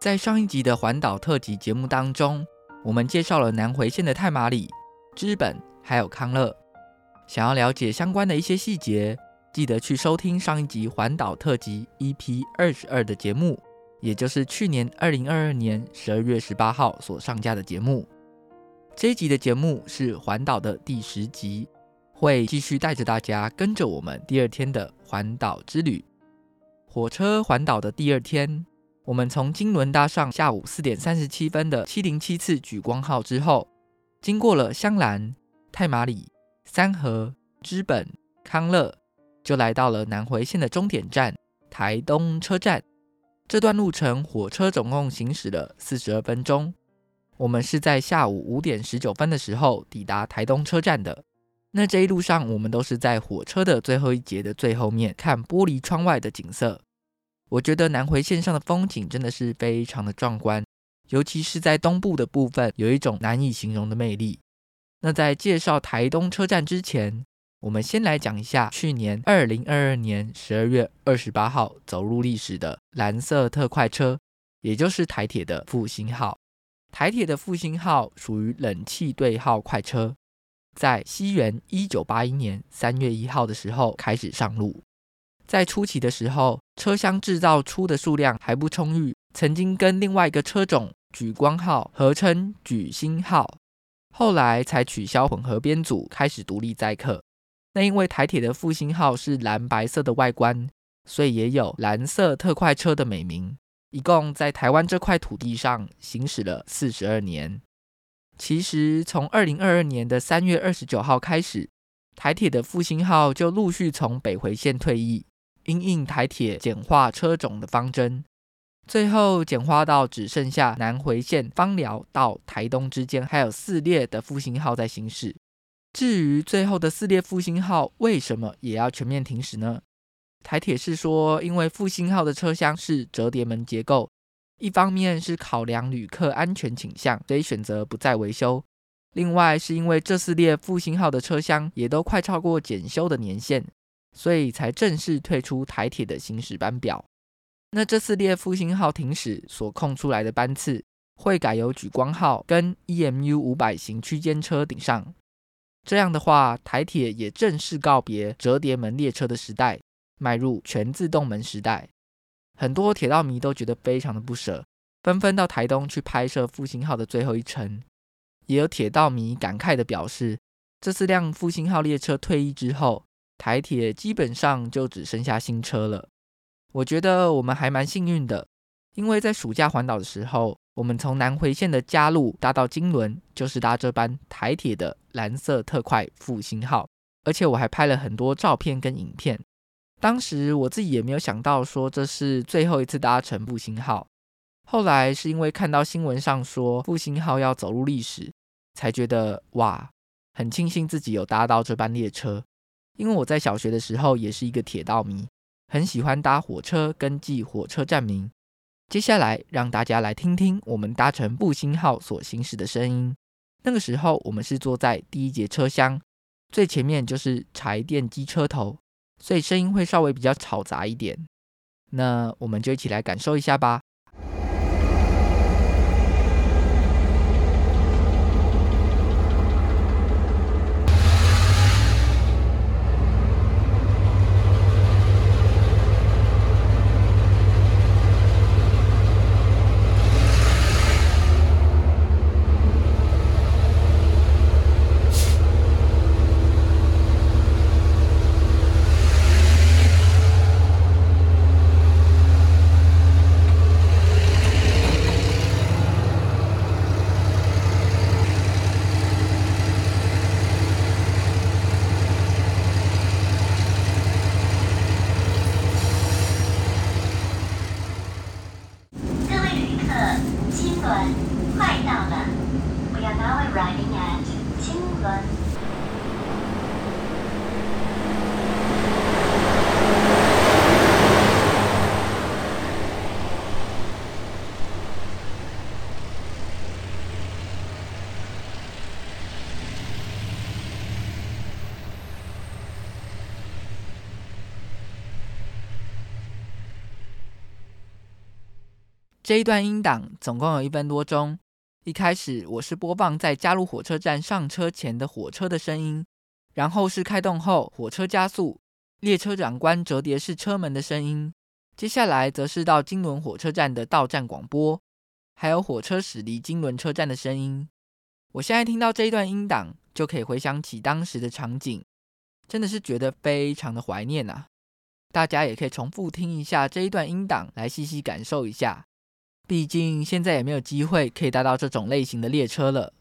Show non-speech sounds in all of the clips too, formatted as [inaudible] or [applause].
在上一集的環島特輯節目當中，我們介紹了南迴線的太麻裡、知本還有康樂。想要了解相關的一些細節，記得去收聽上一集環島特輯 EP 二十二的節目，也就是去年二零二二年十二月十八號所上架的節目。這一集的節目是環島的第十集，會繼續帶着大家跟着我們第二天的環島之旅。火車環島的第二天。我們從金崙搭上下午四點三十七分的七零七次莒光號之後，經過了香蘭、太麻里、三和、知本、康樂，就來到了南迴線的終點站台東車站。這段路程火車總共行駛了四十二分鐘，我們是在下午五點十九分的時候抵達台東車站的。那這一路上，我們都是在火車的最後一節的最後面看玻璃窗外的景色。我覺得南回線上的風景真的是非常的壯觀，尤其是在東部的部分，有一種難以形容的魅力。那在介紹台東車站之前，我們先來講一下去年二零二二年十二月二十八號走入歷史的藍色特快車，也就是台鐵的復興號。台鐵的復興號屬於冷氣對號快車，在西元一九八一年三月一號的時候開始上路。在初期的時候，車廂製造出的數量還不充裕，曾經跟另外一個車種“莒光號”合稱“莒星號”，後來才取消混合編組，開始獨立載客。那因為台鐵的復興號是藍白色的外觀，所以也有藍色特快車的美名。一共在台灣這塊土地上行駛了四十二年。其實從二零二二年的三月二十九號開始，台鐵的復興號就陸續從北回線退役。因應台鐵簡化車種的方針，最後簡化到只剩下南回線枋寮到台東之間還有四列的復興號在行駛。至於最後的四列復興號為什麼也要全面停駛呢？台鐵是說，因為復興號的車廂是摺疊門結構，一方面是考量旅客安全傾向，所以選擇不再維修；另外是因為這四列復興號的車廂也都快超過檢修的年限。所以才正式退出台鐵的行駛班表。那這四列復興號停駛所空出來的班次，會改由莒光號跟 EMU 五百型區間車頂上。這樣的話，台鐵也正式告別折疊門列車的時代，邁入全自動門時代。很多鐵道迷都覺得非常的不捨，紛紛到台東去拍攝復興號的最後一程。也有鐵道迷感慨地表示，這四輛復興號列車退役之後，台鐵基本上就只剩下新車了，我覺得我們還蠻幸運的，因為在暑假環島的時候，我們從南回線的加祿搭到金崙，就是搭這班台鐵的藍色特快復興號，而且我還拍了很多照片跟影片。當時我自己也沒有想到說這是最後一次搭乘復興號，後來是因為看到新聞上說復興號要走入歷史，才覺得哇，很慶幸自己有搭到這班列車。因為我在小學的時候也是一個鐵道迷，很喜歡搭火車跟記火車站名。接下來讓大家來聽聽我們搭乘復興號所行駛的聲音。那個時候我們是坐在第一節車廂最前面，就是柴電機車頭，所以聲音會稍微比較嘈雜一點。那我們就一起來感受一下吧。這一段音檔總共有一分多鐘。一開始我是播放在加祿火車站上車前的火車的聲音，然後是開動後火車加速、列車長關折疊式車門的聲音。接下來則是到金崙火車站的到站廣播，還有火車駛離金崙車站的聲音。我現在聽到這一段音檔，就可以回想起當時的場景，真的是覺得非常的懷念吶、啊。大家也可以重複聽一下這一段音檔，來細細感受一下。畢竟現在也沒有機會可以搭到這種類型的列車了。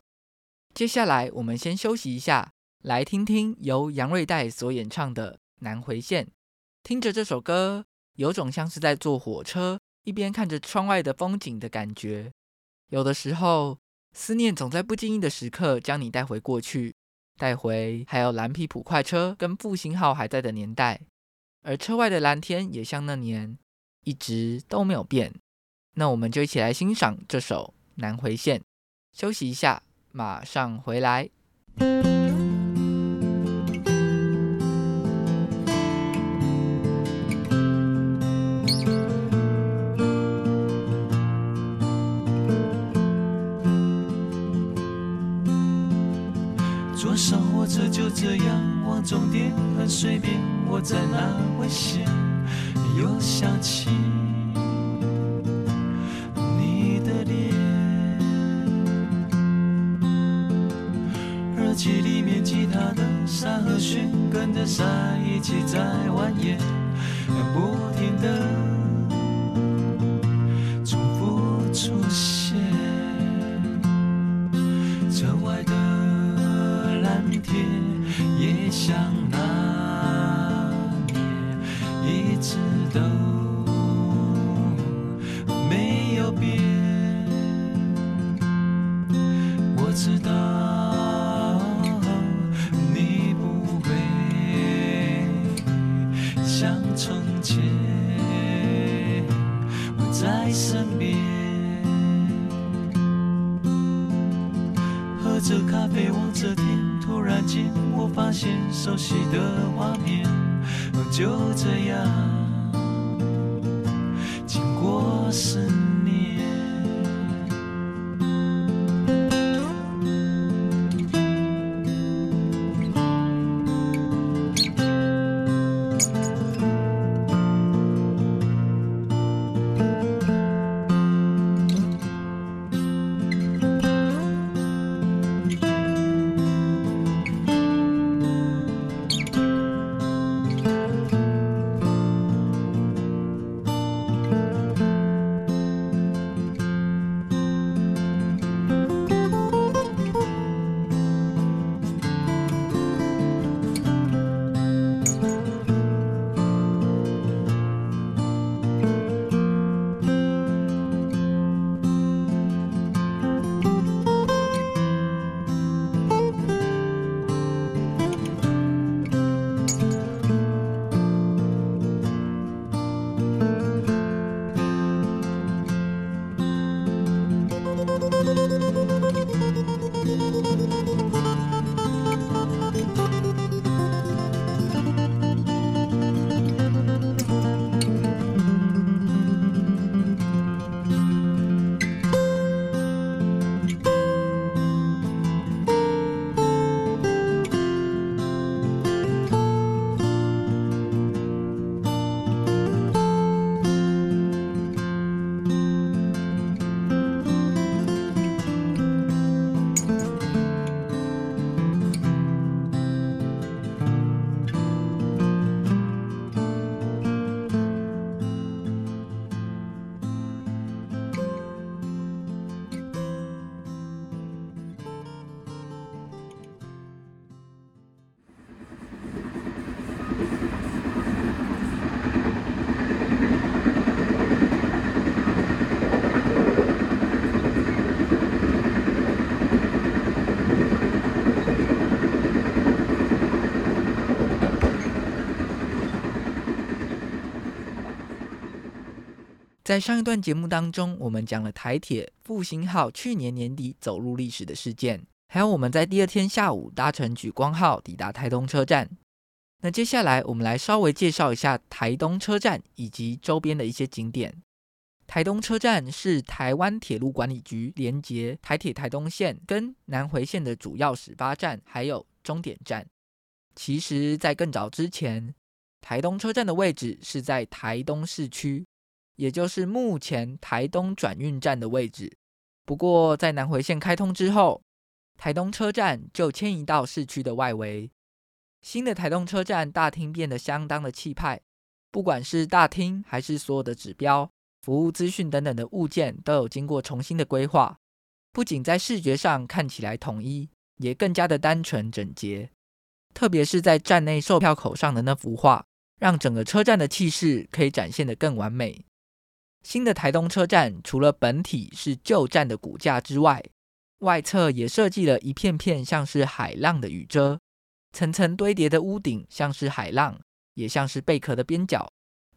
接下來我們先休息一下，來聽聽由楊瑞代所演唱的《南回線》。聽着這首歌，有種像是在坐火車，一邊看着窗外的風景的感覺。有的時候，思念總在不經意的時刻將你帶回過去，帶回還有藍皮普快車跟復興號還在的年代。而車外的藍天也像那年，一直都沒有變。那我們就一起來欣賞這首《南回線》，休息一下，馬上回來。坐上火車就這樣往終點，很隨便。我在南回線又想起。耳機裡面，吉他的沙和弦跟著沙一起在蜿蜒，不停地。 [music] 在上一段節目當中，我們講了台鐵復興號去年年底走入歷史的事件，還有我們在第二天下午搭乘莒光號抵達台東車站。那接下來我們來稍微介紹一下台東車站以及周邊的一些景點。台東車站是台灣鐵路管理局連接台鐵台東線跟南回線的主要始發站，還有終點站。其實，在更早之前，台東車站的位置是在台東市區。也就是目前台東轉運站的位置，不過在南回線開通之後，台東車站就遷移到市區的外圍。新的台東車站大廳變得相當的氣派，不管是大廳還是所有的指標、服務資訊等等的物件，都有經過重新的規劃，不僅在視覺上看起來統一，也更加的單純整潔。特別是在站內售票口上的那幅畫，讓整個車站的氣勢可以展現得更完美。新的台東車站除了本體是舊站的骨架之外，外側也設計了一片片像是海浪的雨遮，層層堆疊的屋頂像是海浪，也像是貝殼的邊角，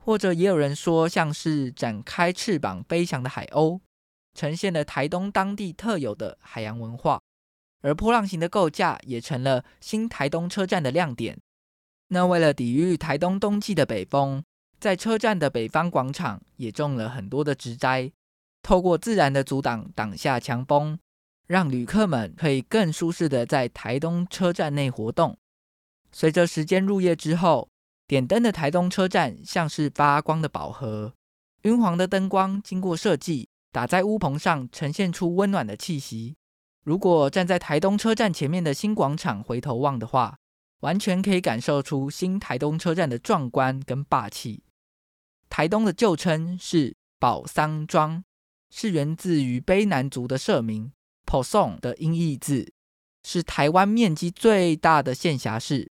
或者也有人說像是展開翅膀飛翔的海鷗，呈現了台東當地特有的海洋文化。而波浪形的構架也成了新台東車站的亮點。那為了抵御台東冬季的北風。在車站的北方廣場也種了很多的植栽，透過自然的阻擋擋下強風，讓旅客們可以更舒適的在台東車站內活動。隨着時間入夜之後，點燈的台東車站像是發光的寶盒，暈黃的燈光經過設計打在屋棚上，呈現出溫暖的氣息。如果站在台東車站前面的新廣場回頭望的話，完全可以感受出新台東車站的壯觀跟霸氣。台東的舊稱是寶桑莊，是源自於卑南族的社名 Posong 的音譯字，是台灣面積最大的縣轄市。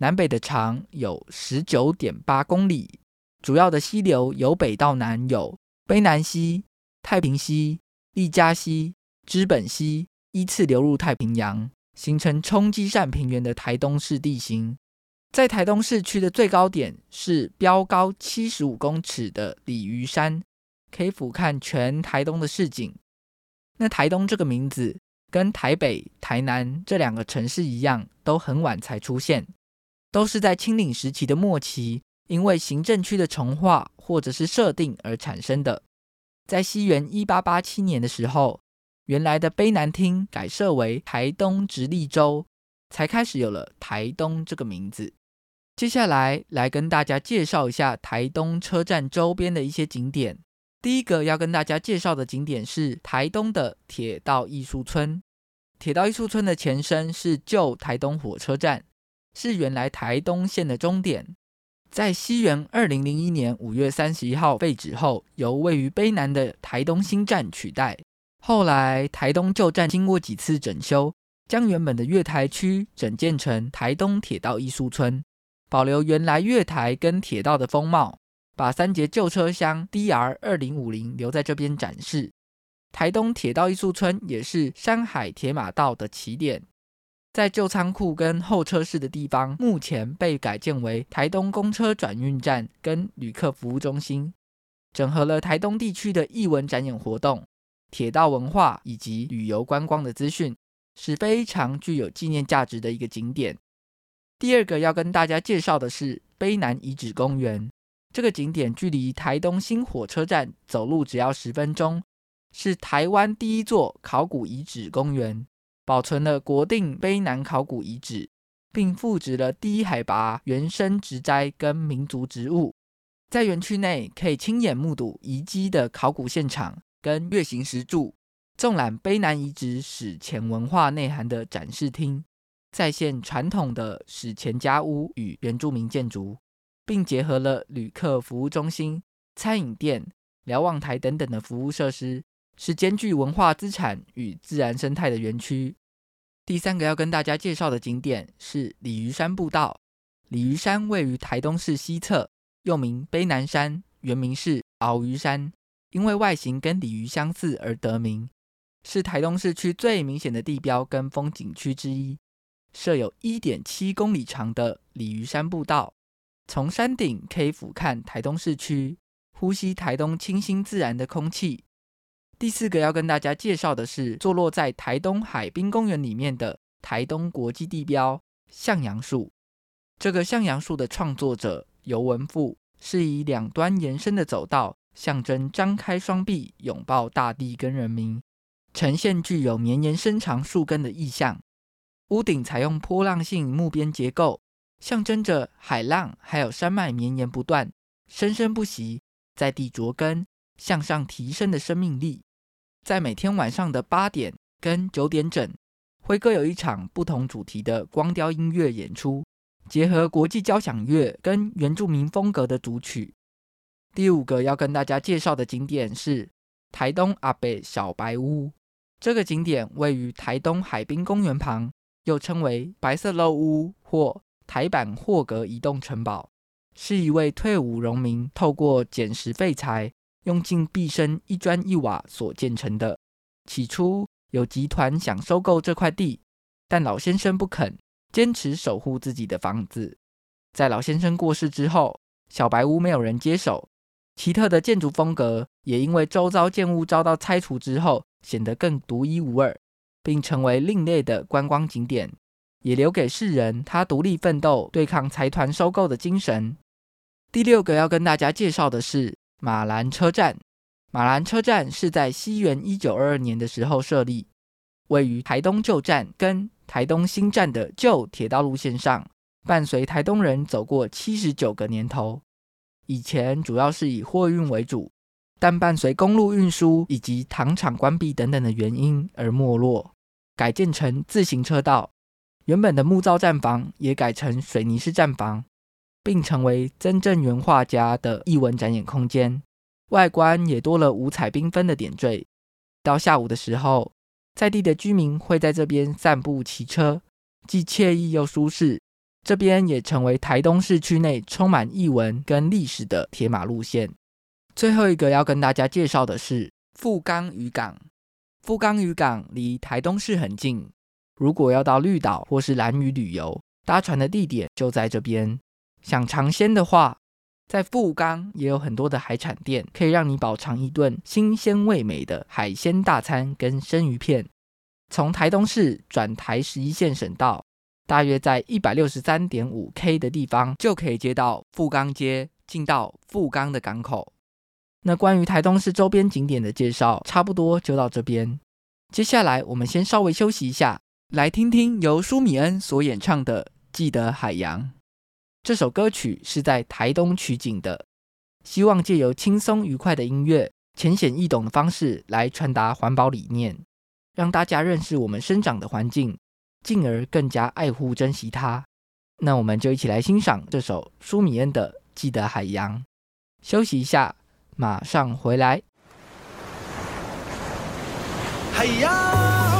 南北的長有十九點八公里，主要的溪流由北到南有卑南溪、太平溪、利嘉溪、知本溪，依次流入太平洋，形成沖積扇平原的台東市地形。在台東市區的最高點是標高七十五公尺的鯉魚山，可以俯瞰全台東的市景。那台東這個名字，跟台北、台南這兩個城市一樣，都很晚才出現，都是在清領時期的末期，因為行政區的重劃或者是設定而產生的。在西元一八八七年的時候，原來的卑南廳改設為台東直隸州，才開始有了台東這個名字。接下來來跟大家介紹一下台東車站周邊的一些景點。第一個要跟大家介紹的景點是台東的鐵道藝術村。鐵道藝術村的前身是舊台東火車站，是原來台東線的終點。在西元二零零一年五月三十一號廢止後，由位於卑南的台東新站取代。後來台東舊站經過幾次整修，將原本的月台區整建成台東鐵道藝術村。保留原來月台跟鐵道的風貌，把三節舊車廂 DR2050 留在這邊展示。台東鐵道藝術村也是山海鐵馬道的起點，在舊倉庫跟候車室的地方，目前被改建為台東公車轉運站跟旅客服務中心，整合了台東地區的藝文展演活動、鐵道文化以及旅游觀光的資訊，是非常具有紀念價值的一個景點。第二個要跟大家介紹的是卑南遺址公園。這個景點距離台東新火車站走路只要十分鐘，是台灣第一座考古遺址公園，保存了國定卑南考古遺址，並復植了低海拔原生植栽跟民族植物。在園區內可以親眼目睹遺跡的考古現場跟月形石柱，縱覽卑南遺址史前文化內涵的展示廳。再現傳統的史前家屋與原住民建築，並結合了旅客服務中心、餐飲店、瞭望台等等的服務設施，是兼具文化資產與自然生態的園區。第三個要跟大家介紹的景點是鯉魚山步道。鯉魚山位於台東市西側，又名卑南山，原名是鰲魚山，因為外形跟鯉魚相似而得名，是台東市區最明顯的地標跟風景區之一。設有一點七公里長的鯉魚山步道，從山頂可以俯瞰台東市區，呼吸台東清新自然的空氣。第四個要跟大家介紹的是，坐落在台東海濱公園裡面的台東國際地標向陽樹。這個向陽樹的創作者游文富，是以兩端延伸的走道象徵張開雙臂擁抱大地跟人民，呈現具有綿延伸長樹根的意象。屋頂採用波浪性木邊結構，象徵着海浪，還有山脈綿延不斷、生生不息，在地茁根向上提升的生命力。在每天晚上的八點跟九點整，會各有一場不同主題的光雕音樂演出，結合國際交響樂跟原住民風格的組曲。第五個要跟大家介紹的景點是台東阿伯小白屋，這個景點位於台東海濱公園旁。又稱為“白色漏屋”或“台版霍格移動城堡”，是一位退伍榮民透過撿拾廢材，用盡畢生一磚一瓦所建成的。起初有集團想收購這塊地，但老先生不肯，堅持守護自己的房子。在老先生過世之後，小白屋沒有人接手，奇特的建築風格也因為周遭建物遭到拆除之後，顯得更獨一無二。並成為另類的觀光景點，也留給世人他獨立奮鬥、對抗財团收購的精神。第六個要跟大家介紹的是馬蘭車站。馬蘭車站是在西元一九二二年的時候設立，位於台東舊站跟台東新站的舊鐵道路線上，伴隨台東人走過七十九個年頭。以前主要是以貨運為主，但伴隨公路運輸以及糖廠關閉等等的原因而沒落。改建成自行車道，原本的木造站房也改成水泥式站房，並成為真正原畫家的藝文展演空間。外觀也多了五彩繽紛的點綴。到下午的時候，在地的居民會在這邊散步騎車，既愜意又舒適。這邊也成為台東市區內充滿藝文跟歷史的鐵馬路線。最後一個要跟大家介紹的是富岡漁港。富岡漁港離台東市很近，如果要到綠島或是蘭嶼旅遊，搭船的地點就在這邊。想嘗鮮的話，在富岡也有很多的海產店，可以讓你飽嘗一頓新鮮味美的海鮮大餐跟生魚片。從台東市轉台十一線省道，大約在一百六十三點五 K 的地方，就可以接到富岡街，進到富岡的港口。那關於臺東市周邊景點的介紹，差不多就到這邊。接下來，我們先稍微休息一下，來聽聽由舒米恩所演唱的《記得海洋》這首歌曲，是在臺東取景的。希望借由輕鬆愉快的音樂、淺顯易懂的方式來傳達環保理念，讓大家認識我們生長的環境，進而更加愛護珍惜它。那我們就一起來欣賞這首舒米恩的《記得海洋》，休息一下。馬上回來。哎呀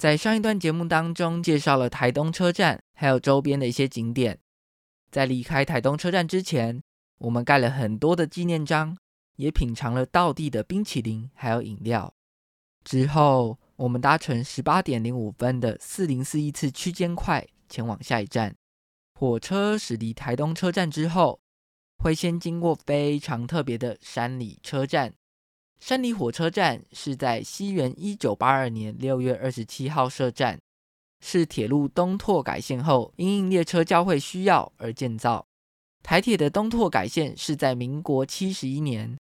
在上一段節目當中介紹了台東車站，還有周邊的一些景點。在離開台東車站之前，我們蓋了很多的紀念章，也品嘗了道地的冰淇淋還有飲料。之後，我們搭乘十八點零五分的四零四一次區間快前往下一站。火車駛離台東車站之後，會先經過非常特別的山里車站。山里火車站是在西元一九八二年六月二十七號設站，是鐵路東拓改線後因應列車交會需要而建造。台鐵的東拓改線是在民國七十一年，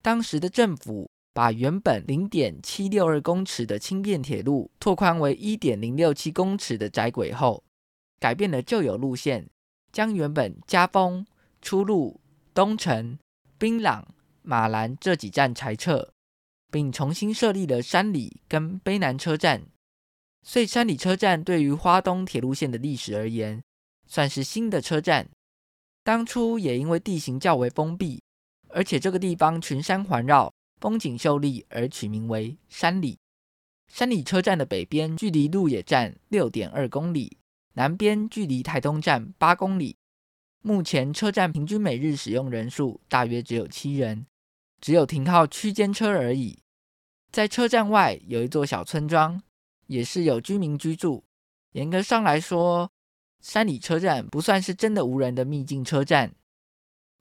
當時的政府把原本零點七六二公尺的輕便鐵路拓寬為一點零六七公尺的窄軌後，改變了舊有路線，將原本嘉豐、初鹿東城、檳榔、馬蘭這幾站裁撤，並重新設立了山里跟卑南車站，所以山里車站對於花東鐵路線的歷史而言，算是新的車站。當初也因為地形較為封閉，而且這個地方群山環繞，風景秀麗，而取名為山里。山里車站的北邊距離鹿野站六點二公里，南邊距離台東站八公里。目前車站平均每日使用人數大約只有七人。只有停靠區間車而已。在車站外有一座小村莊，也是有居民居住。嚴格上來說，山里車站不算是真的無人的秘境車站。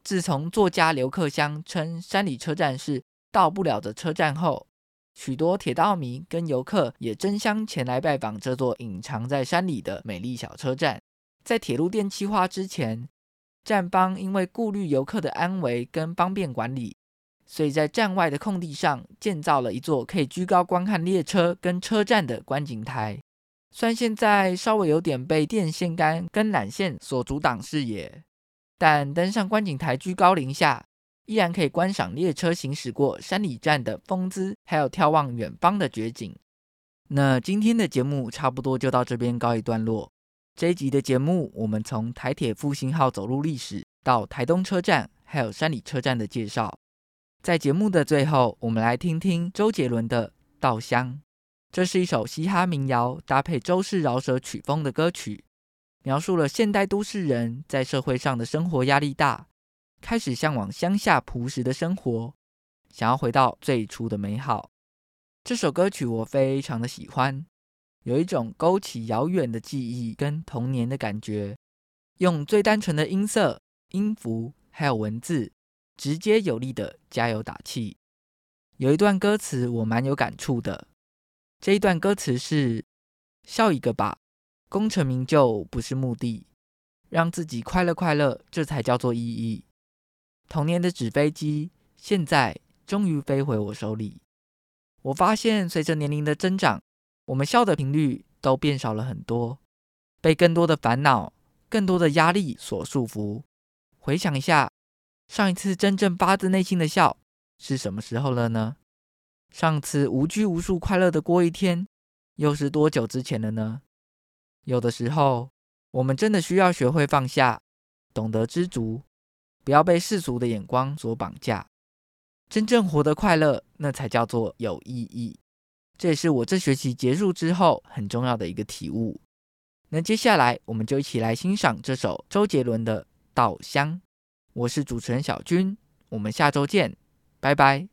自從作家劉克襄稱山里車站是到不了的車站後，許多鐵道迷跟遊客也爭相前來拜訪這座隱藏在山裡的美麗小車站。在鐵路電氣化之前，站方因為顧慮遊客的安危跟方便管理。所以在站外的空地上建造了一座可以居高觀看列車跟車站的觀景台。雖然現在稍微有點被電線桿跟纜線所阻擋視野，但登上觀景台居高臨下，依然可以觀賞列車行駛過山里站的風姿，還有眺望遠方的絕景。那今天的節目差不多就到這邊告一段落。這一集的節目，我們從台鐵復興號走入歷史，到台東車站還有山里車站的介紹。在節目的最後，我們來聽聽周杰倫的《稻香》。這是一首嘻哈民謠搭配周氏饒舌曲風的歌曲，描述了現代都市人在社會上的生活壓力大，開始向往鄉下樸實的生活，想要回到最初的美好。這首歌曲我非常的喜歡，有一種勾起遙遠的記憶跟童年的感覺，用最單純的音色、音符還有文字。直接有力的加油打氣，有一段歌詞我蠻有感觸的。這一段歌詞是：“笑一個吧，功成名就不是目的，讓自己快樂快樂，這才叫做意義。”童年的紙飛機，現在終於飛回我手裡。我發現，隨着年齡的增長，我們笑的頻率都變少了很多，被更多的煩惱、更多的壓力所束縛。回想一下。上一次真正發自內心的笑是什麼時候了呢？上次無拘無束、快樂的過一天又是多久之前了呢？有的時候，我們真的需要學會放下，懂得知足，不要被世俗的眼光所綁架。真正活得快樂，那才叫做有意義。這也是我這學期結束之後很重要的一個體悟。那接下來，我們就一起來欣賞這首周杰倫的《稻香》。我是主持人小鈞，我們下周見，拜拜。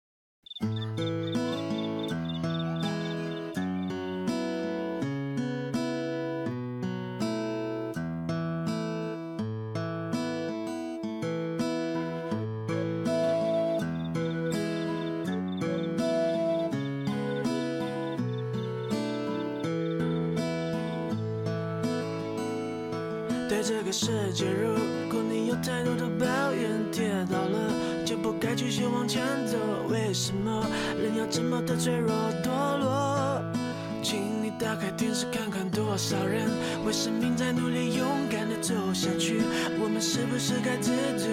我的脆弱墮落，請你打開電視看看，多少人為生命在努力，勇敢的走下去。我們是不是該知足，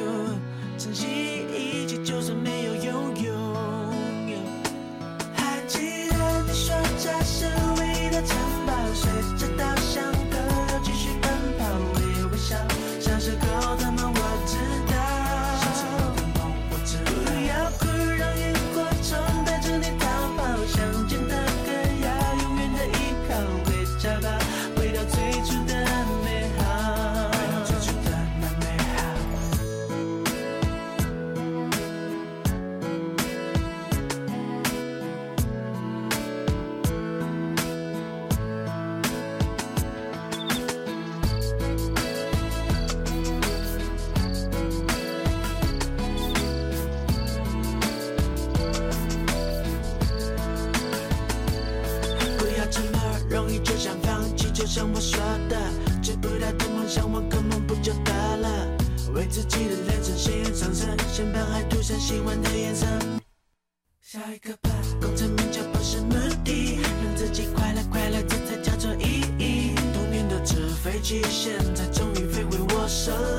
珍惜一切，就算沒有擁有。還記得你說家是唯一的城堡，隨著稻臉龐還塗上喜歡的顏色。笑一個吧，功成名就不是目的，讓自己快樂快樂，這才叫做意義。童年的紙飛機，現在終於飛回我手裡。